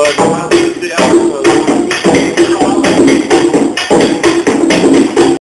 Lord.